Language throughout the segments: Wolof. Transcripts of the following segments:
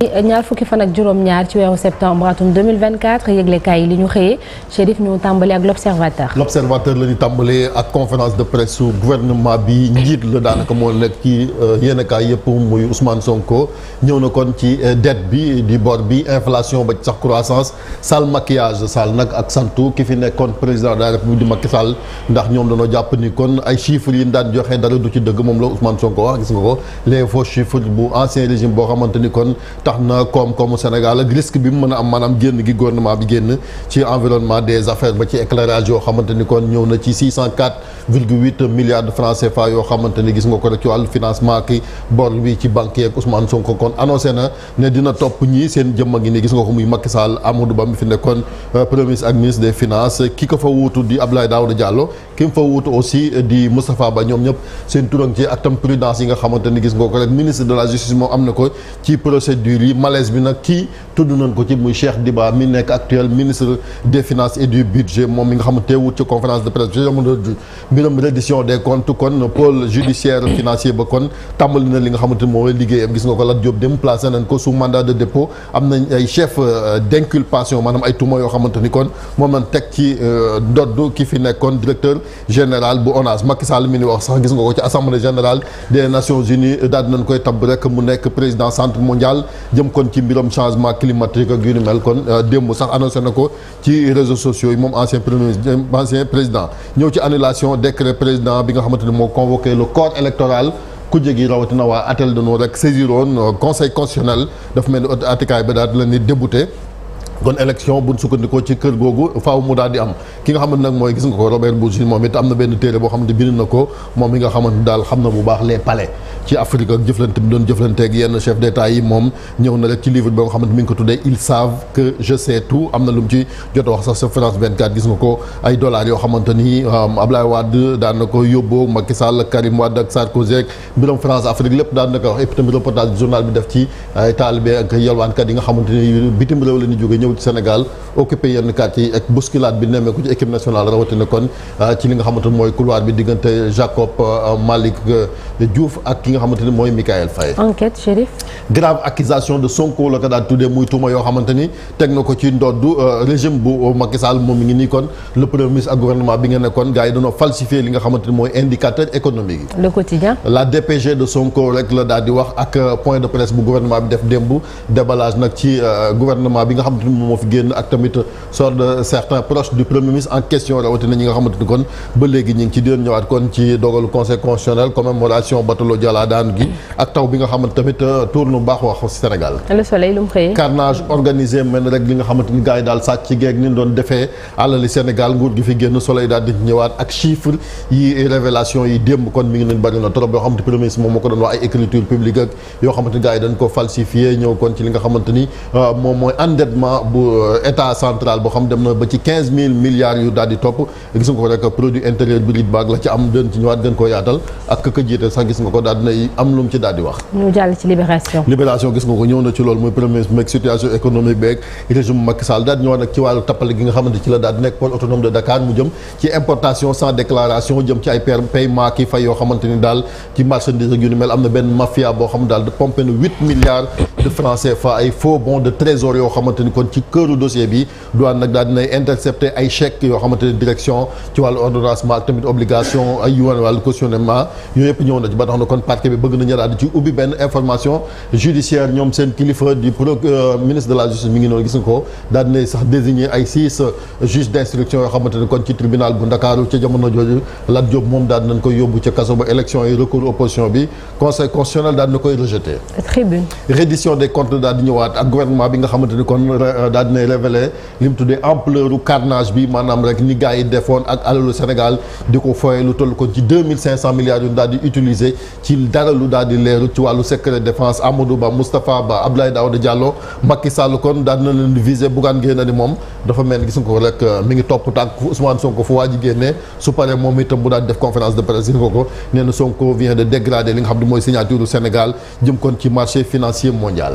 ñaar fukki fan ak juróom-ñaar ci weeru septembre atum 2024 yëglekaay yi li ñu xëyee Chérif ñu tàmbale ak l'observateur l'observateur la ñu tàmbale ak conférence de presse su gouvernement bi njiit la daanaka moo nekk ci euh, yéenekaay yëpp muy Ousmane Sonko ñëw na kon ci euh, dette bi di bor bi inflation ba ci sax croissance sale maquillage sale nag ak santu ki fi nekkoon président de la république di Macky Sall ndax ñoom dañoo jàpp ni kon ay chiffres yi ñu daan joxe dara du ci dëgg moom la Ousmane Sonko wax gis nga ko boo xamante ni kon tax na koom-koomu Sénégal ak risque bi mu mën am maanaam génn gi gouvernement bi génn ci environnement des affaires ba ci éclairage yoo xamante kon ñëw na ci 604 de francs CFA yoo xamante ni gis ko kon annoncé na ne dina topp ñii seen jëmm ngi nii gis nga ko muy Macky Sall Ba mi fi nekkoon euh, premier ministre ak ministre ki ko fa wuutu di Abdoulaye Daouda Diallo ki mu fa wuutu aussi di Moustapha Ba ñoom ñëpp seen turam ak tam prudence yi nga xamante mbir yi bi nag kii tudd nañ ko ci muy Cheikh Diba mi nekk actuel ministre des finances et budget moom mi nga xam teewut ci conférence de presse bi jamono mbiram reddition des comptes kon pôle judiciaire na li nga xamante ni mooy liggéeyam gis nga ko Lat Diop dem placé nañ ko sous mandat de dépôt am nañ ay chef euh, d'inculpation maanaam ay tuuma yoo xamante ni kon moom nan teg ci euh, ndodd ki fi nekkoon directeur général bu ONAS Macky Sall mi ni wax sax gis nga ko ci assemblée général des nations unies daal di nañ koy tab rek mu nekk président centre mondial jëm kon ci mbiram changement climatique ak yu ni mel kon euh, démb sax annoncé na ko ci réseau sociaux yi moom ancien premier ministre ancien président ñëw ci annulation décret président bi nga xamante ne moo convoqué le corps électoral ku jegi rawatina waa atel de noo rek saisiroon euh, conseil constitutionnel dafa mel ni attikaay bi daal la ni débouté kon élection buñ sukkandikoo ci kër googu faaw mu daal di am ki nga xamante nag mooy gis nga ko Robert Bourgi moom it am na benn téere boo xamante bind na ko moom mi nga xamante daal xam na bu baax les palais ci Afrique ak jëflante bi doon jëflante yenn chef d'état yi moom ñëw na rek ci livre bi nga xamante mi ngi ko tuddee ils savent que je sais am na lu ci jot a wax sax sa France 24 gis nga ko ay dollars yoo xamante ni um, Ablaye Wade daan na ni bitim réew la ñu jóge ñëw ci Sénégal occupé yenn quartier yi ak bousculade bi nemmeeku ci équipe nationale rawatina kon ah, ci li nga xamante mooy couloir bi diggante Jacob ah, Malick ah, Diouf ak ki nga xamante mooy Michael Faye. enquête Chérif. grave accusation de Sonko la ko daan tuddee muy tuuma yoo xamante teg na ko ci ndoddu régime bu Macky Sall mi ngi nii kon le premier ak gouvernement bi nga nekkoon gars yi falsifier li nga xamante mooy indicateur économique la DPG de Sonko rek moom moo fi génn ak tamit sort de certains proches du premier ministre en question rawatina ñi nga xamante kon ba léegi ñu ci doon ñëwaat kon ci dogalu conseil constitutionnel commémoration batalo Joola daan gi ak taw bi nga xamante tamit euh, baax wax Sénégal. carnage organisé mel rek li nga xamante ni daal sàcc ci ni doon defee alali Sénégal nguur gi fi génn soleil daal di ñëwaat ak chiffre yi révélation yi démb kon mi nga xamante ni euh, bu euh, état central boo xam dem na ba ci milliards yu daal topp gis nga ko rek produit intérieur bi RIT la ci am gën ci ñëwaat gën koo yaatal ak ka jiite sax gis nga ko daal dinay am na ci loolu tappale gi nga xamante ci la daal nekk port autonome de Dakar mu jëm ci importation sans déclaration jëm ci ay paiement ki fay yoo xamante ni daal ci marchandise ak yu mel am na benn mafia boo xam daal pompé na huit milliards de francs CFA ay faux ci këru dossier bi douane nag daal intercepter ay chèques yoo xamante direction ci wàllu ordonnancement tamit obligation ay yu wàllu cautionnement yooyu yëpp ñëw na ci ba tax na kon parquet bi bëgg nañu daal ci ubbi benn information judiciaire ñoom seen kilifa di pro euh, ministre de la justice mi noonu gis nga ko daal sax désigner ay six juges d'instruction yoo xamante kon ci tribunal bu Ndakaaru ca jamono jooju Lat Diop moom daal daal dinay révélé li mu tuddee ampleur u carnage bi maanaam rek ni gars yi defoon ak alalu Sénégal di ko foye lu toll ko ci deux mille cinq cent milliards yu daal di utiliser ci dara lu daal di leeru ci wàllu secret défense Amadou Ba Moustapha Ba Abdoulaye Daouda Diallo Macky Sall kon daal dina leen viser Bougane Gueye Dany moom dafa mel ni gis nga ko rek euh, mi ngi topp tànk Ousmane Sonko fu waa ji génnee su paree moom itam bu daal def conférence de presse gis nga ko nee Sonko li nga xam ne mooy signature du Sénégal jëm kon ci marché financier mondial.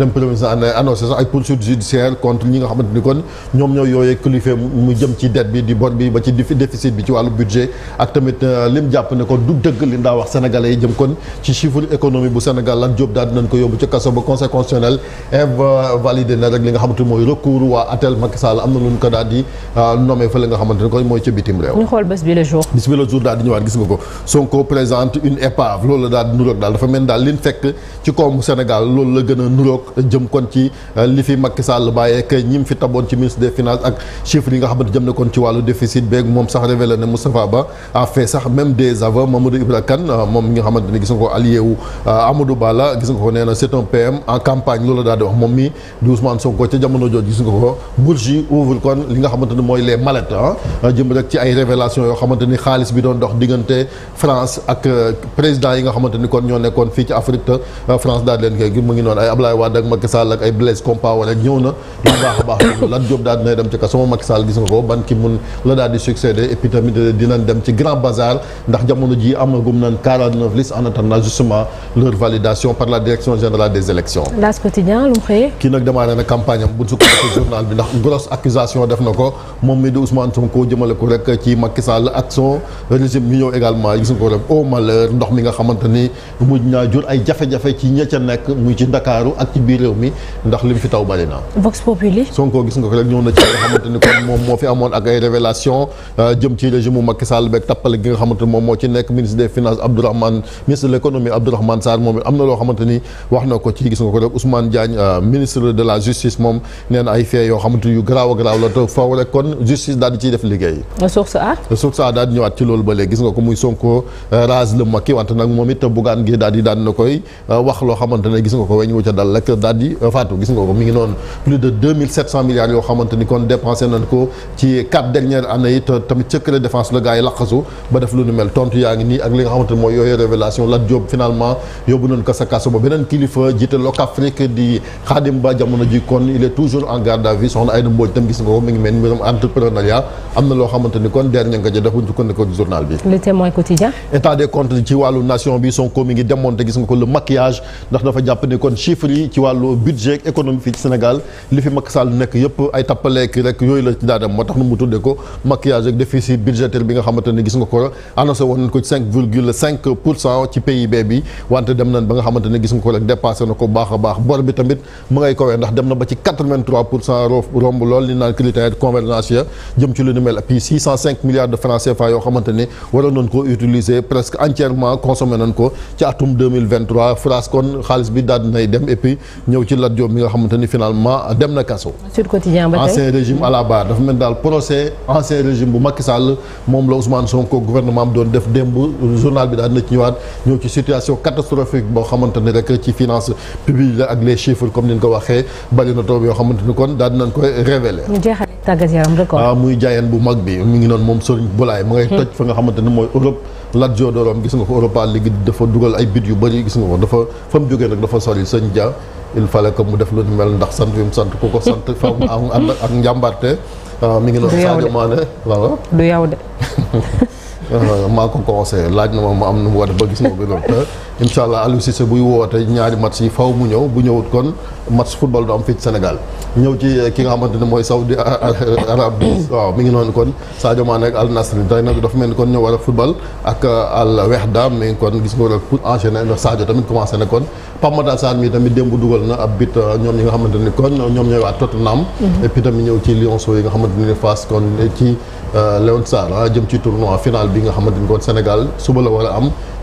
itam premier ministre na sax ay poursuites judiciaires contre ñi nga xamante kon ñoom ñoo yooyee kilifa mu jëm ci dette bi di bor ba ci déficit bi ci wàllu budget ak tamit euh, lim jàpp ne ko du dëgg li ndaa wax sénégalais yi jëm kon ci chiffre économie bu Sénégal lan Diop daal dinañ ko yóbbu ca kaso ba conseil constitutionnel invalidé na rek li nga xamante euh, kon mooy ca bitim réew. ñu xool bés bi le daal di ñëwaat gis nga ko Sonko présente une épave jëm kon ci euh, li fi Macky Sall bàyyee que ñi fi taboon ci ministre des finances ak chiffres yi nga xamante jëm na kon ci wàllu déficit beeg moom sax révélé ne Moustapha Ba a fait sax même des aveux Mamadou Ibra Kane euh, moom mi nga xamante ne gis nga ko allié wu euh, Amadou Ba la gis nga ko jamono jooju gis nga ko bourge ouvre kon li nga xamante ne mooy les mallettes ah jëm rek ci ay révélation yoo xamante ni xaalis bi doon dox diggante France ak président yi nga xamante ni kon ñoo nekkoon fii ci Afrique ak Macky Sall ak ay Blaise Compaoré ñëw na ñu baax a Lat Diop daal dem ci kaso moom Macky Sall gis nga ko ban ki mun la daal di succédé et puis tamit dem ci Grand Bazar ndax jamono ji amagum nañ 49 listes en attendant justement leur validation par la direction générale des élections lu mu xëyee kii nag démarré na campagne am buñ sukkandiku journal bi ndax grosse accusation régime bi ñëw également gis nga ko rek au malheur biir réew mi ndax lim fi taw bari Sonko gis nga ko rek ñëw na ci a a. a loolu ba léegi gis nga ko muy Sonko euh, rase le Macky wante nag moom it bugaan gi daal di daan na koy euh, wax loo xamante gis nga ko weñ wu dal rek daal euh, faatu gis nga ko mi ngi noonu plus de milliards yoo xamante kon dépensé nañ ko ci quatre dernières années yi tamit cëkkale la def finalement yóbbu nañ ko sa kaso beneen kilifa jiite Locafrique di Khadim Ba jamono ji kon il est toujours en garde à vue soxna Aïda Mbodj tam gis nga ko mi ngi mel ni mbirum entrepreneuriat am na loo xamante kon dernier nga ci def buñ sukkandikoo ci journal bi. Le Témoin quotidien. état wàllu budget économie fii ci Sénégal li fi Macky Sall nekk yëpp ay tappaleek rek yooyu la ci daa dem moo tax nu mu tuddee ko maquillage ak déficit budgétaire bi nga xamante gis nga ko rek dépassé na ko baax baax bor bi tamit mu ngay kowee ndax dem na ba ci pour cent romb lool li naan critère ya jëm ci lu ni mel puis six de francs CFA yoo xamante ne waroon ko utiliser presque entièrement consommé nañ ko ci atum France kon xaalis bi daal dem ñëw ci Lat Diop mi nga xamante ni finalement dem na kaso. Sud régime à la barre dafa mel daal procès ancien régime bu Macky Sall moom la Ousmane Sonko gouvernement am doon def démb journal bi daal na ci ñëwaat ñëw ci situation catastrophique boo xamante rek ci finance publique la ak les chiffres comme ni nga waxee bari na yoo xamante ni kon daal dinañ koy révéler. tàggat ah, muy jaayeen bu mag bi mi ngi noonu moom Serigne Boulaye. ma ngay toj fa nga xamante Lazio de gis nga ko Europa League dafa dugal ay bit yu bëri gis nga ko dafa fa mu jógee nag dafa sori sañ ja il fallait que mu def lu ni mel ndax sant bi mu sant ku ko sant fa mu am ànd ak njàmbarte ah, mi ngi noonu Sadio Mané waaw du yow de ah, maa ko conseillé laaj na ma ma am nu mu war a ba gis nga ko bi noonu incha allah Aliou Cissé buy woote ñaari match yi faw mu ñëw bu ñëwut kon match football du am fii Sénégal ñëw ci eh, ki nga xamante ne mooy Saudi ah, ah, Arab bi waaw mi ngi noonu kon Sadio Mané ak Al Nassr tey nag dafa mel ni kon ñoo war a football ak eh, Al Wehda mi ngi kon gis nga war a pour enchaîner ndax Sadio tamit commencé na kon Pape Matar Sarr eh, nga xamante ni kon ñoom ñooy waa Tottenham mhm. et puis tamit ñëw ci Lionceaux yi nga xamante ni face kon ci Léon Sarr ah, jëm ci tournoi final bi nga xamante ni kon Sénégal suba la war a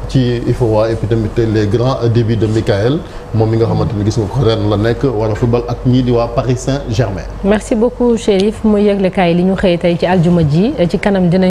ci UFOA et puis tamit les grands débuts de Michael moom mi nga xamante ni gis nga ko ren la nekk war a football ak ñii di waa Paris Saint-Germain. merci beaucoup Chérif mu yëgle kaay li ñu xëy tey ci aljuma ji ci kanam dinañ.